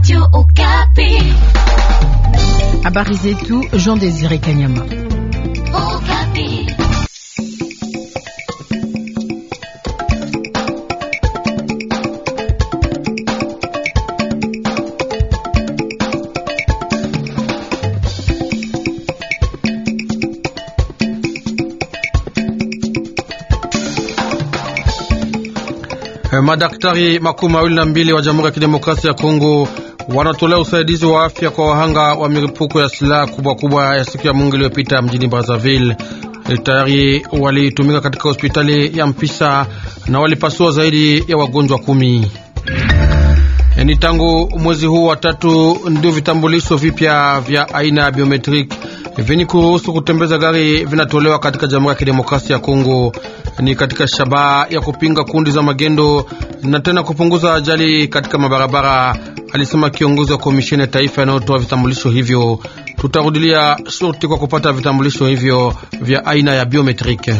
Radio Okapi. Habari zetu Jean Désiré Kanyama. Okapi. Eh, madaktari makumi mawili na mbili wa Jamhuri ya Kidemokrasia ya Kongo wanatolea usaidizi wa afya kwa wahanga wa milipuko ya silaha kubwa kubwa ya siku ya Mungu iliyopita mjini Brazzaville. Eh, tayari walitumika katika hospitali ya Mpisa na walipasua zaidi ya wagonjwa kumi. Eh, ni tangu mwezi huu wa tatu ndio vitambulisho vipya vya aina ya biometriki eh, vyenye kuruhusu kutembeza gari vinatolewa katika Jamhuri ya Kidemokrasia ya Kongo. Ni katika shabaha ya kupinga kundi za magendo na tena kupunguza ajali katika mabarabara alisema kiongozi wa komisheni ya taifa inayotoa vitambulisho hivyo. Tutarudilia shorti kwa kupata vitambulisho hivyo vya aina ya biometrike.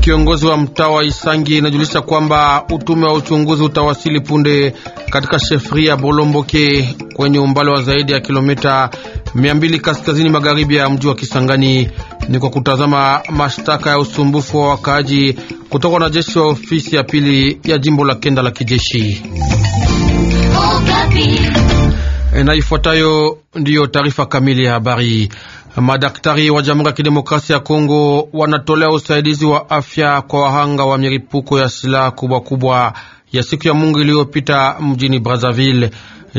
Kiongozi wa mtaa wa Isangi inajulisha kwamba utume wa uchunguzi utawasili punde katika shefria Bolomboke kwenye umbali wa zaidi ya kilomita 200 kaskazini magharibi ya mji wa Kisangani ni kwa kutazama mashtaka ya usumbufu wa wakaaji kutoka na jeshi wa ofisi ya pili ya jimbo la kenda la kijeshi. Oh, na ifuatayo ndiyo taarifa kamili ya habari. Madaktari wa Jamhuri ya Kidemokrasia ya Kongo wanatolea usaidizi wa afya kwa wahanga wa milipuko ya silaha kubwa kubwa ya siku ya Mungu iliyopita mjini Brazzaville.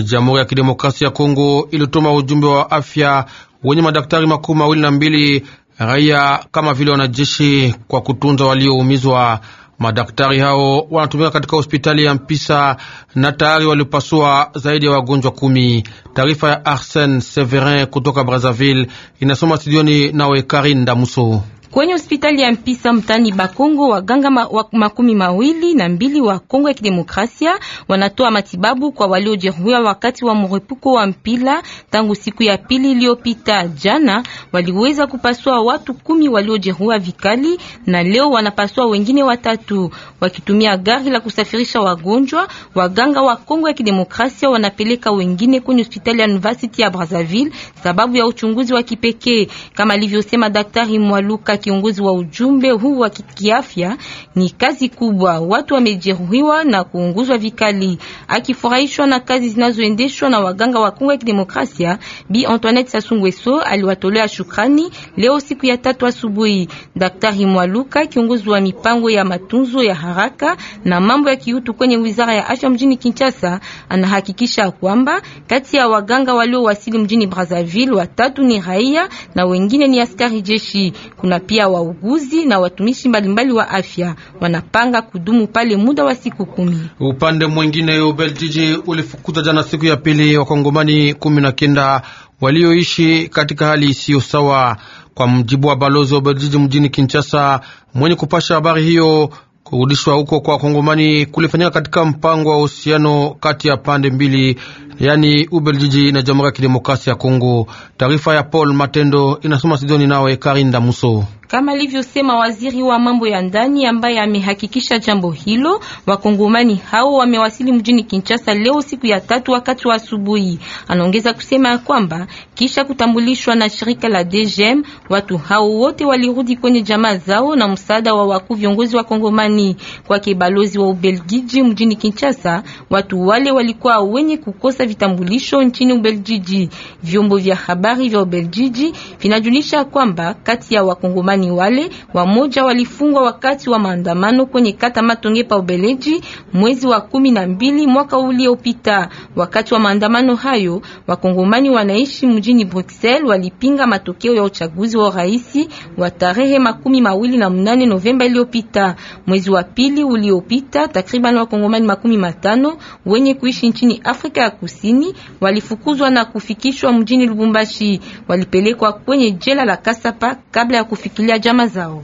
Jamhuri ya Kidemokrasia ya Kongo ilituma ujumbe wa afya wenye madaktari makumi mawili na mbili raia kama vile wanajeshi kwa kutunza walioumizwa. Madaktari hao wanatumika katika hospitali ya Mpisa na tayari walipasua zaidi ya wagonjwa kumi. Taarifa ya Arsene Severin kutoka Brazzaville inasoma studioni nawe Karin Damuso. Kwenye hospitali ya Mpisa mtani Bakongo, waganga ma, wa, makumi mawili na mbili wa Kongo ya Kidemokrasia wanatoa matibabu kwa waliojeruhiwa wakati wa mrepuko wa mpila tangu siku ya pili iliyopita. Jana waliweza kupasua watu kumi waliojeruhiwa vikali, na leo wanapasua wengine watatu wakitumia gari la kusafirisha wagonjwa. Waganga wa Kongo ya Kidemokrasia wanapeleka wengine kwenye hospitali ya University ya Brazzaville sababu ya uchunguzi wa kipekee, kama alivyosema Daktari Mwaluka kiongozi wa ujumbe huu wa kiafya, ni kazi kubwa. Watu wamejeruhiwa na kuunguzwa vikali. Akifurahishwa na kazi zinazoendeshwa na waganga wa Kongo ya Kidemokrasia, Bi Antoinette Sasungweso aliwatolea shukrani leo siku ya tatu asubuhi. Daktari Mwaluka, kiongozi wa mipango ya matunzo ya haraka na mambo ya kiutu kwenye Wizara ya Afya mjini Kinshasa, anahakikisha kwamba kati ya waganga waliowasili mjini Brazzaville watatu ni raia na wengine ni askari jeshi. Kuna pia wauguzi na watumishi mbalimbali wa afya wanapanga kudumu pale muda wa siku kumi. Upande mwingine, Ubeljiji ulifukuza jana siku ya pili wakongomani kumi na kenda walioishi katika hali isiyo sawa, kwa mjibu wa balozi wa Ubeljiji mjini Kinshasa mwenye kupasha habari hiyo. Kurudishwa huko kwa wakongomani kulifanyika katika mpango wa uhusiano kati ya pande mbili, yani Ubeljiji na Jamhuri ya Kidemokrasia ya Kongo. Taarifa ya Paul Matendo inasoma Sidoni nawe Karinda Muso kama alivyosema waziri wa mambo ya ndani ambaye amehakikisha jambo hilo. Wakongomani hao wamewasili mjini Kinshasa leo siku ya tatu wakati wa asubuhi. Anaongeza kusema ya kwamba kisha kutambulishwa na shirika la DGM, watu hao wote walirudi kwenye jamaa zao na msaada wa wakuu viongozi wa Kongomani. Kwa kibalozi wa Ubelgiji mjini Kinshasa, watu wale walikuwa wenye kukosa vitambulisho nchini Ubelgiji. Vyombo vya habari vya Ubelgiji vinajulisha kwamba kati ya wakongomani ni wale wamoja walifungwa wakati wa maandamano kwenye kata Matonge pa Ubeleji mwezi wa kumi na mbili mwaka uliopita. Wakati wa maandamano hayo, wakongomani wanaishi mjini Bruxelles walipinga matokeo ya uchaguzi wa rais wa tarehe makumi mawili na mnane Novemba iliyopita. Mwezi wa pili uliopita, takriban wakongomani makumi matano wenye kuishi nchini Afrika ya Kusini walifukuzwa na kufikishwa mjini Lubumbashi, walipelekwa kwenye jela la Kasapa kabla ya kufikilia ya jama zao.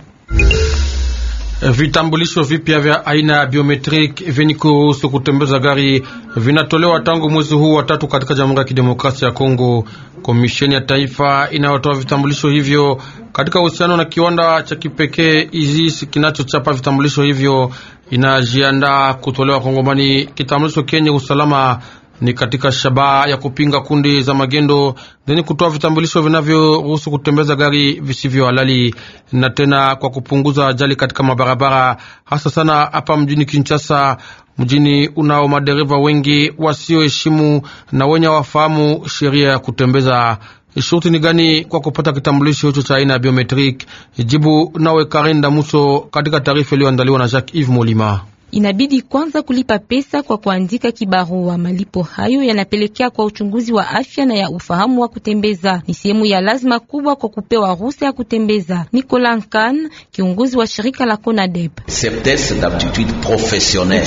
Eh, vitambulisho vipya vya aina ya biometrik vyenye kuruhusu kutembeza gari vinatolewa tangu mwezi huu wa tatu katika Jamhuri ya Kidemokrasia ya Kongo. Komisheni ya taifa inayotoa vitambulisho hivyo katika uhusiano na kiwanda cha kipekee ISIS kinachochapa vitambulisho hivyo inajiandaa kutolewa Kongomani kitambulisho kenye usalama ni katika shabaha ya kupinga kundi za magendo zenye kutoa vitambulisho vinavyoruhusu kutembeza gari visivyo halali na tena kwa kupunguza ajali katika mabarabara, hasa sana hapa mjini Kinshasa, mjini unao madereva wengi wasioheshimu na wenye wafahamu sheria ya kutembeza. Shurti ni gani kwa kupata kitambulisho hicho cha aina ya biometrik? Jibu nawe Karinda Muso katika taarifa iliyoandaliwa na Jacques Yves Molima inabidi kwanza kulipa pesa kwa kuandika kibarua. Malipo hayo yanapelekea kwa uchunguzi wa afya na ya ufahamu wa kutembeza, ni sehemu ya lazima kubwa kwa kupewa ruhusa ya kutembeza. Nicolas Kan, kiongozi wa shirika la CONADEP.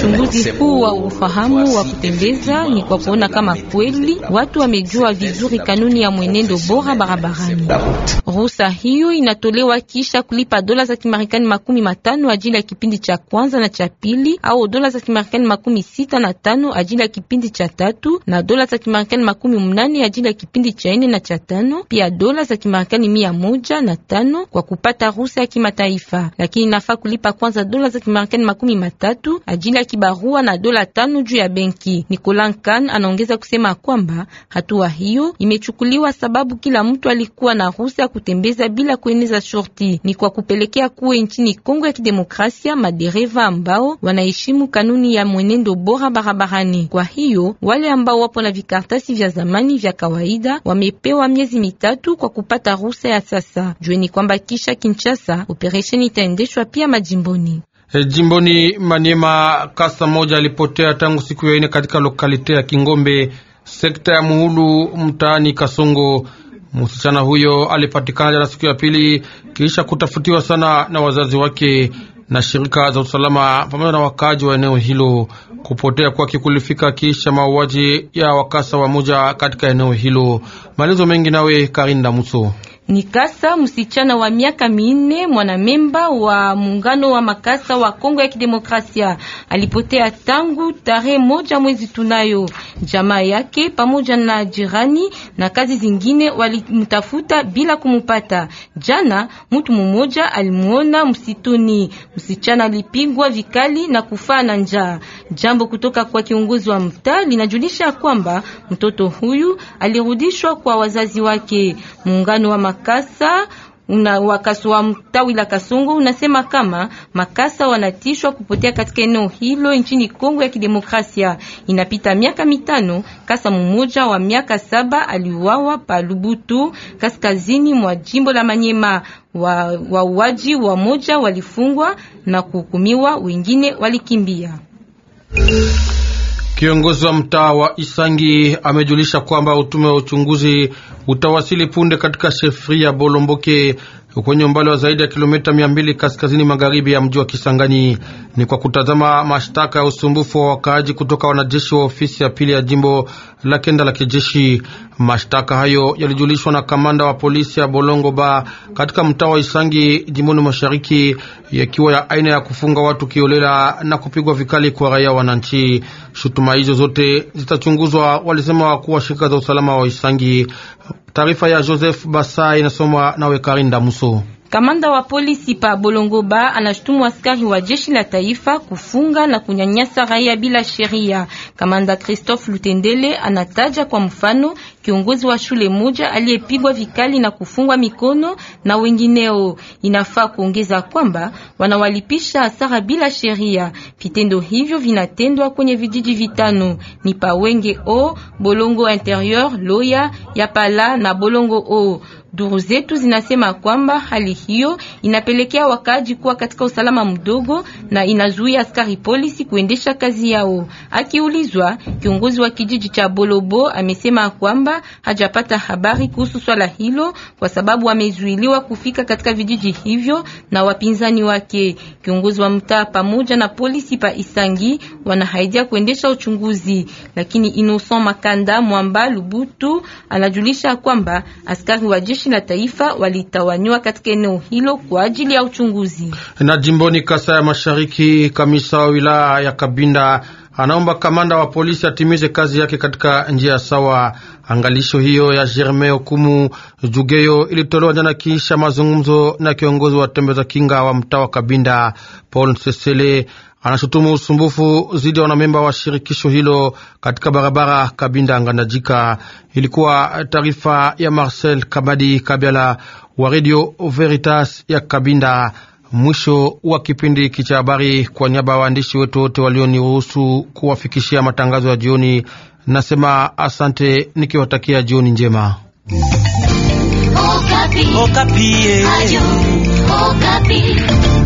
Uchunguzi huu wa ufahamu wa kutembeza ni kwa kuona kama kweli watu wamejua vizuri kanuni ya mwenendo bora barabarani. Ruhusa hiyo inatolewa kisha kulipa dola za Kimarekani makumi matano ajili ya kipindi cha kwanza na cha pili mbili au dola za Kimarekani makumi sita na tano ajili ya kipindi cha tatu na dola za Kimarekani makumi mnane ajili ya kipindi cha nne na cha tano, pia dola za Kimarekani mia moja na tano kwa kupata ruhusa ya kimataifa, lakini nafaa kulipa kwanza dola za Kimarekani makumi matatu ajili ya kibarua na dola tano juu ya benki. Nicolas Kan anaongeza kusema kwamba hatua hiyo imechukuliwa sababu kila mtu alikuwa na ruhusa ya kutembeza bila kueneza shorti, ni kwa kupelekea kuwe nchini Kongo ya Kidemokrasia madereva ambao wana wanaheshimu kanuni ya mwenendo bora barabarani. Kwa hiyo wale ambao wapo na vikartasi vya zamani vya kawaida wamepewa miezi mitatu kwa kupata ruhusa ya sasa. Jueni kwamba kisha Kinshasa operesheni itaendeshwa pia majimboni. E, jimboni Maniema kasa moja alipotea tangu siku ya ine katika lokalite ya Kingombe sekta ya Muhulu mtaani Kasongo. Msichana huyo alipatikana jana siku ya pili kisha kutafutiwa sana na wazazi wake na shirika za usalama pamoja na wakaaji wa eneo hilo. Kupotea kwake kulifika kisha mauaji ya wakasa wa moja katika eneo hilo. Maelezo mengi nawe Karinda Muso. Nikasa, msichana wa miaka minne, mwanamemba wa muungano wa makasa wa Kongo ya Kidemokrasia, alipotea tangu tarehe moja mwezi tunayo. Jamaa yake pamoja na jirani na kazi zingine walimtafuta bila kumupata. Jana mtu mmoja alimuona msituni. Msichana alipigwa vikali na kufaa na njaa. Jambo kutoka kwa kiongozi wa mtaa linajulisha kwamba mtoto huyu alirudishwa kwa wazazi wake. Muungano wa Makasa una wakasi wa tawi la Kasungu unasema kama makasa wanatishwa kupotea katika eneo hilo nchini Kongo ya Kidemokrasia. Inapita miaka mitano, kasa mmoja wa miaka saba aliuawa pa Lubutu, kaskazini mwa jimbo la Manyema. Wauaji wa moja walifungwa na kuhukumiwa, wengine walikimbia. Kiongozi wa mtaa wa Isangi amejulisha kwamba utume wa uchunguzi utawasili punde katika shefri ya Bolomboke kwenye umbali wa zaidi ya kilomita mia mbili kaskazini magharibi ya mji wa Kisangani ni kwa kutazama mashtaka ya usumbufu wa wakaaji kutoka wanajeshi wa ofisi ya pili ya jimbo la kenda la kijeshi. Mashtaka hayo yalijulishwa na kamanda wa polisi ya Bolongo Ba katika mtaa wa Isangi jimboni mashariki, yakiwa ya aina ya kufunga watu kiolela na kupigwa vikali kwa raia wananchi. Shutuma hizo zote zitachunguzwa, walisema wakuu wa shirika za usalama wa Isangi. Taarifa ya Joseph Basa inasomwa nawe Karinda Muso. Kamanda wa polisi pa Bolongoba anashutumu askari wa jeshi la taifa kufunga na kunyanyasa raia bila sheria. Kamanda Christophe Lutendele anataja kwa mfano kiongozi wa shule moja aliyepigwa vikali na kufungwa mikono na wengineo. Inafaa kuongeza kwamba wanawalipisha hasara bila sheria. Vitendo hivyo vinatendwa kwenye vijiji vitano ni Pawenge o Bolongo Interior, Loya, Yapala na Bolongo o. Duru zetu zinasema kwamba hali hiyo inapelekea wakaaji kuwa katika usalama mdogo na inazuia askari polisi kuendesha kazi yao. Akiulizwa, kiongozi wa kijiji cha Bolobo amesema kwamba kwamba hajapata habari kuhusu swala hilo kwa sababu amezuiliwa kufika katika vijiji hivyo na wapinzani wake. Kiongozi wa mtaa pamoja na polisi pa Isangi wanahaidia kuendesha uchunguzi, lakini Innocent Makanda Mwamba Lubutu anajulisha kwamba askari wa jeshi la taifa walitawanywa katika eneo hilo kwa ajili ya uchunguzi. Na jimboni Kasa ya Mashariki, kamisa wa wilaya ya Kabinda anaomba kamanda wa polisi atimize kazi yake katika njia sawa. Angalisho hiyo ya Germain Okumu Jugeyo ilitolewa jana kiisha mazungumzo na kiongozi wa za kinga wa mtaa wa Kabinda, Paul Sesele. Anashutumu usumbufu zidi ya wanamemba wa shirikisho hilo katika barabara Kabinda Ngandajika. Ilikuwa taarifa ya Marcel Kabadi Kabyala wa Radio Veritas ya Kabinda. Mwisho wa kipindi hiki cha habari. Kwa niaba ya waandishi wetu wote walioniruhusu kuwafikishia matangazo ya jioni, nasema asante nikiwatakia jioni njema. Okapi. Oh, Okapi. Oh, eh. Ayu, Okapi. Oh,